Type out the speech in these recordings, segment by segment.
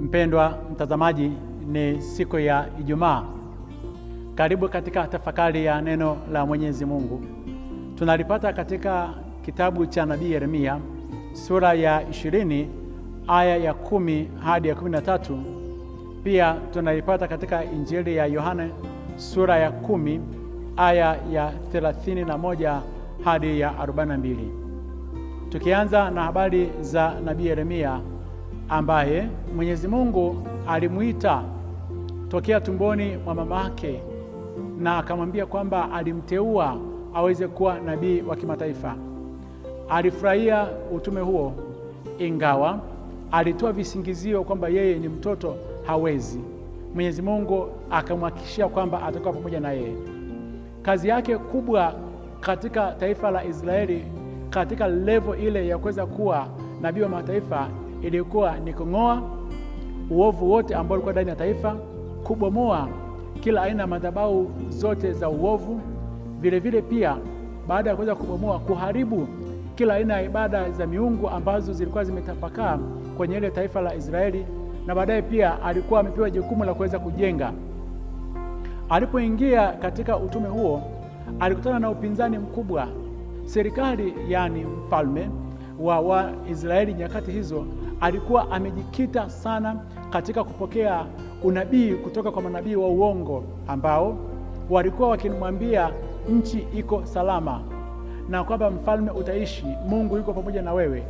Mpendwa mtazamaji, ni siku ya Ijumaa. Karibu katika tafakari ya neno la Mwenyezi Mungu. Tunalipata katika kitabu cha nabii Yeremia sura ya 20 aya ya kumi hadi ya kumi na tatu. Pia tunalipata katika Injili ya Yohane sura ya kumi aya ya thelathini na moja hadi ya arobaini na mbili. Tukianza na habari za nabii Yeremia ambaye Mwenyezi Mungu alimwita tokea tumboni mwa mamake na akamwambia kwamba alimteua aweze kuwa nabii wa kimataifa. Alifurahia utume huo, ingawa alitoa visingizio kwamba yeye ni mtoto hawezi. Mwenyezi Mungu akamhakikishia kwamba atakuwa pamoja na yeye. Kazi yake kubwa katika taifa la Israeli katika levo ile ya kuweza kuwa nabii wa mataifa ilikuwa ni kung'oa uovu wote ambao ulikuwa ndani ya taifa, kubomoa kila aina ya madhabahu zote za uovu, vilevile vile pia baada ya kuweza kubomoa, kuharibu kila aina ya ibada za miungu ambazo zilikuwa zimetapakaa kwenye ile taifa la Israeli, na baadaye pia alikuwa amepewa jukumu la kuweza kujenga. Alipoingia katika utume huo, alikutana na upinzani mkubwa. Serikali, yaani mfalme wa Waisraeli nyakati hizo alikuwa amejikita sana katika kupokea unabii kutoka kwa manabii wa uongo ambao walikuwa wakimwambia nchi iko salama na kwamba mfalme utaishi, Mungu yuko pamoja na wewe.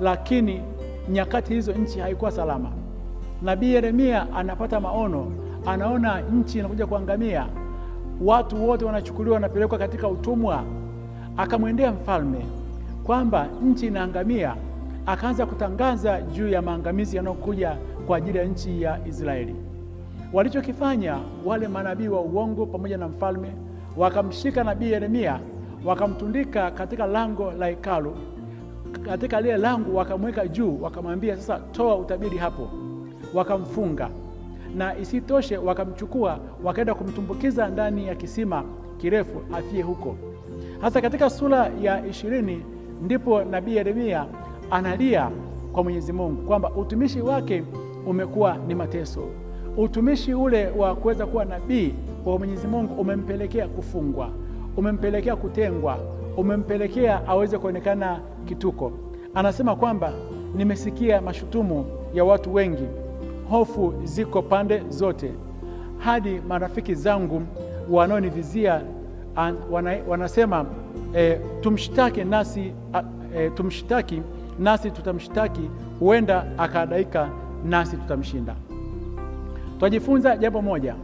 Lakini nyakati hizo nchi haikuwa salama. Nabii Yeremia anapata maono, anaona nchi inakuja kuangamia, watu wote wanachukuliwa, wanapelekwa katika utumwa. Akamwendea mfalme kwamba nchi inaangamia akaanza kutangaza juu ya maangamizi yanayokuja kwa ajili ya nchi ya Israeli. Walichokifanya wale manabii wa uongo pamoja na mfalme, wakamshika nabii Yeremia wakamtundika katika lango la hekalu, katika lile lango wakamweka juu, wakamwambia sasa, toa utabiri hapo. Wakamfunga na isitoshe, wakamchukua wakaenda kumtumbukiza ndani ya kisima kirefu, afie huko. Hasa katika sura ya ishirini ndipo nabii Yeremia analia kwa Mwenyezi Mungu kwamba utumishi wake umekuwa ni mateso, utumishi ule wa kuweza kuwa nabii wa Mwenyezi Mungu umempelekea kufungwa, umempelekea kutengwa, umempelekea aweze kuonekana kituko. Anasema kwamba nimesikia mashutumu ya watu wengi, hofu ziko pande zote, hadi marafiki zangu wanaonivizia wanasema, e, eh, tumshtake nasi a, e, tumshtaki nasi tutamshtaki, huenda akadaika nasi tutamshinda. Twajifunza jambo moja.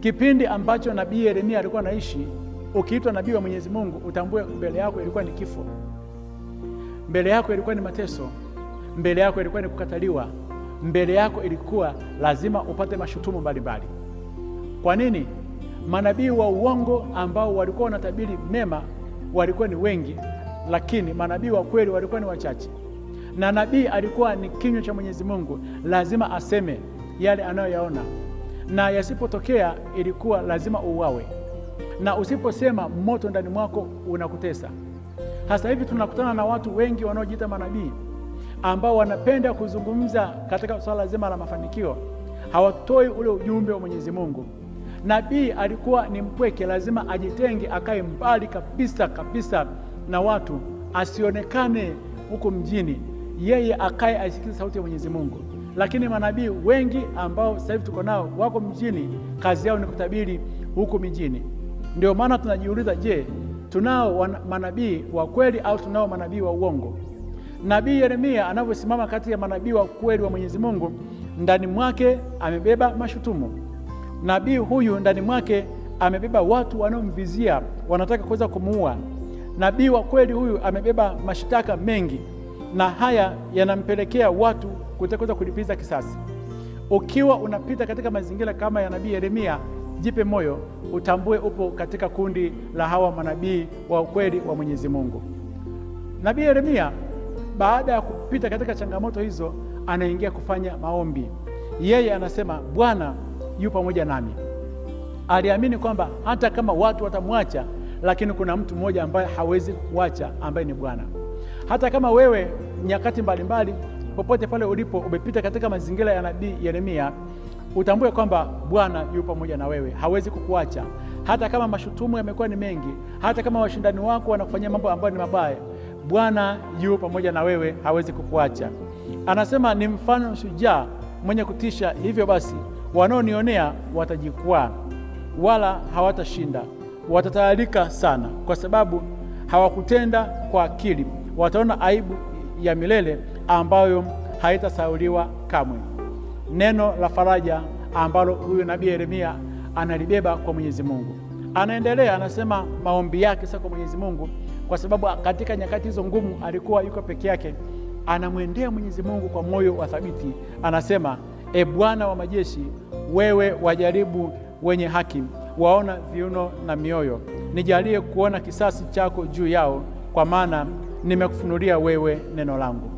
Kipindi ambacho nabii Yeremia alikuwa anaishi, ukiitwa nabii wa Mwenyezi Mungu utambue, mbele yako ilikuwa ni kifo, mbele yako ilikuwa ni mateso, mbele yako ilikuwa ni kukataliwa, mbele yako ilikuwa lazima upate mashutumu mbalimbali. Kwa nini? Manabii wa uongo ambao walikuwa wanatabiri mema walikuwa ni wengi lakini manabii wa kweli walikuwa ni wachache, na nabii alikuwa ni kinywa cha Mwenyezi Mungu, lazima aseme yale anayoyaona, na yasipotokea ilikuwa lazima uuawe, na usiposema moto ndani mwako unakutesa. Sasa hivi tunakutana na watu wengi wanaojiita manabii ambao wanapenda kuzungumza katika swala zima la mafanikio, hawatoi ule ujumbe wa Mwenyezi Mungu. Nabii alikuwa ni mpweke, lazima ajitenge, akae mbali kabisa kabisa na watu, asionekane huko mjini, yeye akae aisikize sauti ya Mwenyezi Mungu. Lakini manabii wengi ambao sasa hivi tuko nao wako mjini, kazi yao ni kutabiri huko mijini. Ndio maana tunajiuliza, je, tunao manabii wa kweli au tunao manabii wa uongo? Nabii Yeremia anavyosimama kati ya manabii wa kweli wa Mwenyezi Mungu, ndani mwake amebeba mashutumu. Nabii huyu ndani mwake amebeba watu wanaomvizia, wanataka kuweza kumuua. Nabii wa kweli huyu amebeba mashtaka mengi, na haya yanampelekea watu kutekeza kulipiza kisasi. Ukiwa unapita katika mazingira kama ya nabii Yeremia, jipe moyo, utambue upo katika kundi la hawa manabii wa ukweli wa Mwenyezi Mungu. Nabii Yeremia baada ya kupita katika changamoto hizo, anaingia kufanya maombi. Yeye anasema Bwana yu pamoja nami. Aliamini kwamba hata kama watu watamwacha lakini kuna mtu mmoja ambaye hawezi kuacha, ambaye ni Bwana. Hata kama wewe nyakati mbalimbali popote pale ulipo umepita katika mazingira ya nabii Yeremia, utambue kwamba Bwana yu pamoja na wewe, hawezi kukuacha. Hata kama mashutumu yamekuwa ni mengi, hata kama washindani wako wanakufanyia mambo ambayo ni mabaya, Bwana yu pamoja na wewe, hawezi kukuacha. Anasema ni mfano shujaa mwenye kutisha, hivyo basi wanaonionea watajikwaa, wala hawatashinda watataarika sana, kwa sababu hawakutenda kwa akili. Wataona aibu ya milele ambayo haitasauliwa kamwe. Neno la faraja ambalo huyu nabii Yeremia analibeba kwa Mwenyezi Mungu. Anaendelea, anasema maombi yake sasa kwa Mwenyezi Mungu, kwa sababu katika nyakati hizo ngumu alikuwa yuko peke yake. Anamwendea Mwenyezi Mungu kwa moyo wa thabiti, anasema: E Bwana wa majeshi, wewe wajaribu wenye haki waona viuno na mioyo. Nijalie kuona kisasi chako juu yao, kwa maana nimekufunulia wewe neno langu.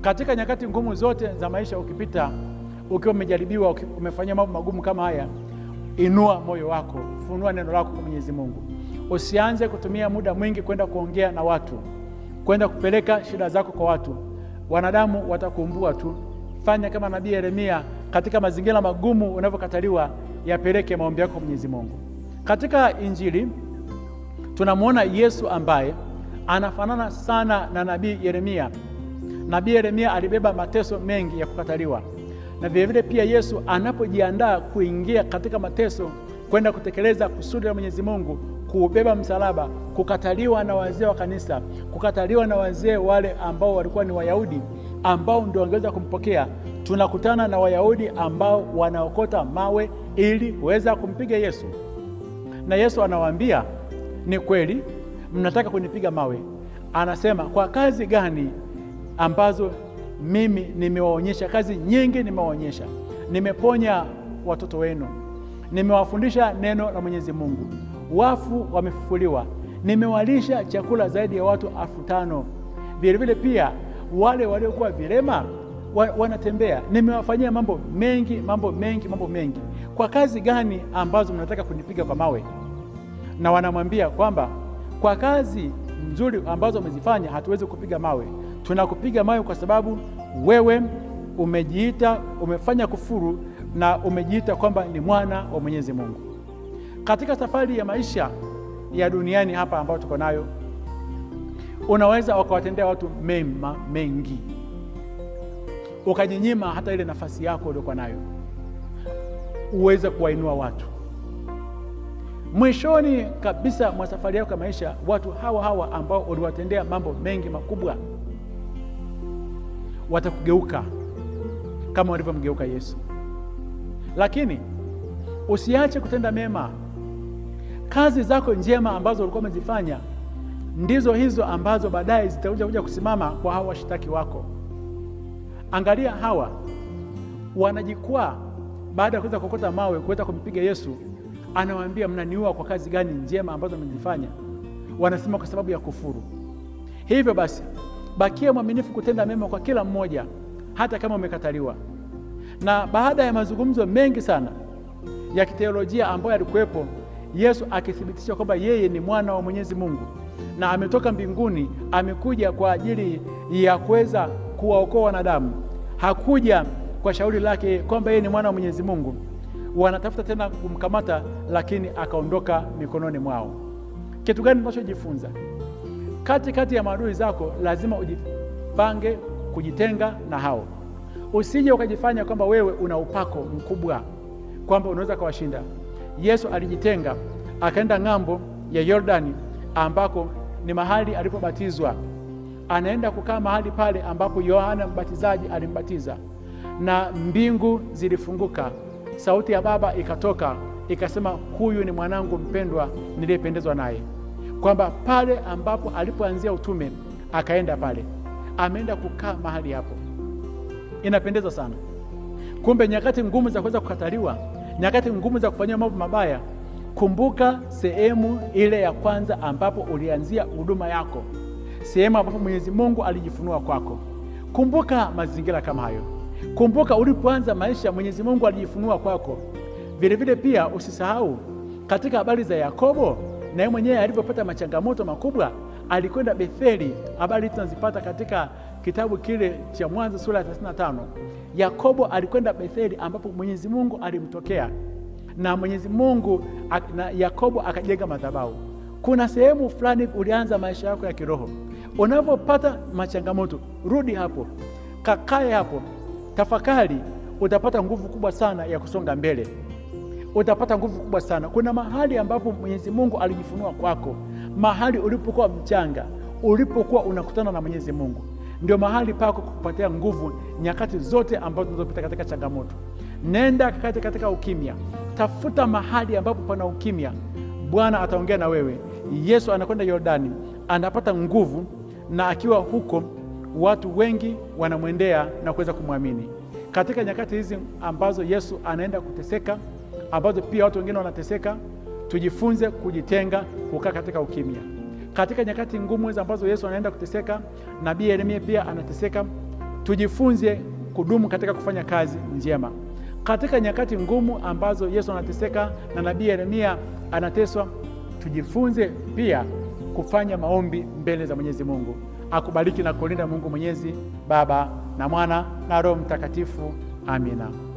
Katika nyakati ngumu zote za maisha, ukipita ukiwa umejaribiwa, umefanyia mambo magumu kama haya, inua moyo wako, funua neno lako kwa Mwenyezi Mungu. Usianze kutumia muda mwingi kwenda kuongea na watu, kwenda kupeleka shida zako kwa watu. Wanadamu watakumbua tu. Fanya kama nabii Yeremia katika mazingira magumu unavyokataliwa, yapeleke maombi yako kwa Mwenyezi Mungu. Katika Injili tunamwona Yesu ambaye anafanana sana na nabii Yeremia. Nabii Yeremia alibeba mateso mengi ya kukataliwa, na vilevile pia Yesu anapojiandaa kuingia katika mateso kwenda kutekeleza kusudi la Mwenyezi Mungu, kuubeba msalaba, kukataliwa na wazee wa kanisa, kukataliwa na wazee wale ambao walikuwa ni Wayahudi ambao ndio wangeweza kumpokea tunakutana na Wayahudi ambao wanaokota mawe ili kuweza kumpiga Yesu, na Yesu anawaambia ni kweli mnataka kunipiga mawe. Anasema kwa kazi gani ambazo mimi nimewaonyesha? Kazi nyingi nimewaonyesha, nimeponya watoto wenu, nimewafundisha neno la Mwenyezi Mungu, wafu wamefufuliwa, nimewalisha chakula zaidi ya watu elfu tano vilevile pia wale waliokuwa vilema wanatembea. Nimewafanyia mambo mengi, mambo mengi, mambo mengi. Kwa kazi gani ambazo mnataka kunipiga kwa mawe? Na wanamwambia kwamba kwa kazi nzuri ambazo umezifanya hatuwezi kupiga mawe, tunakupiga mawe kwa sababu wewe umejiita, umefanya kufuru na umejiita kwamba ni mwana wa Mwenyezi Mungu. Katika safari ya maisha ya duniani hapa ambayo tuko nayo, unaweza wakawatendea watu mema mengi ukajinyima hata ile nafasi yako uliokuwa nayo uweze kuwainua watu. Mwishoni kabisa mwa safari yako ya maisha, watu hawa hawa ambao uliwatendea mambo mengi makubwa watakugeuka kama walivyomgeuka Yesu. Lakini usiache kutenda mema. Kazi zako njema ambazo ulikuwa umezifanya ndizo hizo ambazo baadaye zitakuja kuja kusimama kwa hao washitaki wako. Angalia hawa wanajikwaa baada ya kuweza kuokota mawe kuweza kumpiga Yesu, anawaambia mnaniua kwa kazi gani njema ambazo mmejifanya? Wanasema kwa sababu ya kufuru. Hivyo basi, bakia mwaminifu kutenda mema kwa kila mmoja, hata kama umekataliwa. Na baada ya mazungumzo mengi sana ya kiteolojia ambayo yalikuwepo, Yesu akithibitisha kwamba yeye ni mwana wa Mwenyezi Mungu na ametoka mbinguni, amekuja kwa ajili ya kuweza kuwaokoa wanadamu hakuja kwa shauri lake kwamba yeye ni mwana wa Mwenyezi Mungu. Wanatafuta tena kumkamata, lakini akaondoka mikononi mwao. Kitu gani tunachojifunza? Kati kati ya maadui zako lazima ujipange kujitenga na hao. Usije ukajifanya kwamba wewe una upako mkubwa kwamba unaweza kawashinda. Yesu alijitenga akaenda ng'ambo ya Yordani ambako ni mahali alipobatizwa anaenda kukaa mahali pale ambapo Yohana Mbatizaji alimbatiza, na mbingu zilifunguka, sauti ya Baba ikatoka ikasema, huyu ni mwanangu mpendwa niliyependezwa naye, kwamba pale ambapo alipoanzia utume akaenda pale, ameenda kukaa mahali hapo. Inapendeza sana. Kumbe nyakati ngumu za kuweza kukataliwa, nyakati ngumu za kufanyia mambo mabaya, kumbuka sehemu ile ya kwanza ambapo ulianzia huduma yako sehemu ambapo Mwenyezi Mungu alijifunua kwako. Kumbuka mazingira kama hayo, kumbuka ulipoanza maisha Mwenyezi Mungu alijifunua kwako. Vilevile pia usisahau katika habari za Yakobo, naye mwenyewe alivyopata machangamoto makubwa alikwenda Betheli. Habari tunazipata katika kitabu kile cha Mwanzo sura ya 35. Yakobo alikwenda Betheli ambapo Mwenyezi Mungu alimtokea na Mwenyezi Mungu na Yakobo akajenga madhabahu. Kuna sehemu fulani ulianza maisha yako ya kiroho. Unapopata machangamoto, rudi hapo, kakae hapo, tafakari. Utapata nguvu kubwa sana ya kusonga mbele, utapata nguvu kubwa sana. Kuna mahali ambapo Mwenyezi Mungu alijifunua kwako, mahali ulipokuwa mchanga, ulipokuwa unakutana na Mwenyezi Mungu ndio mahali pako kukupatia nguvu nyakati zote ambazo zinazopita katika changamoto. Nenda kakati katika ukimya, tafuta mahali ambapo pana ukimya. Bwana ataongea na wewe. Yesu anakwenda Yordani, anapata nguvu na akiwa huko watu wengi wanamwendea na kuweza kumwamini. Katika nyakati hizi ambazo Yesu anaenda kuteseka, ambazo pia watu wengine wanateseka, tujifunze kujitenga, kukaa katika ukimya. Katika nyakati ngumu hizi ambazo Yesu anaenda kuteseka, nabii Yeremia pia anateseka, tujifunze kudumu katika kufanya kazi njema. Katika nyakati ngumu ambazo Yesu anateseka na nabii Yeremia anateswa, tujifunze pia kufanya maombi mbele za Mwenyezi Mungu. Akubariki na kulinda Mungu Mwenyezi, Baba na Mwana na Roho Mtakatifu. Amina.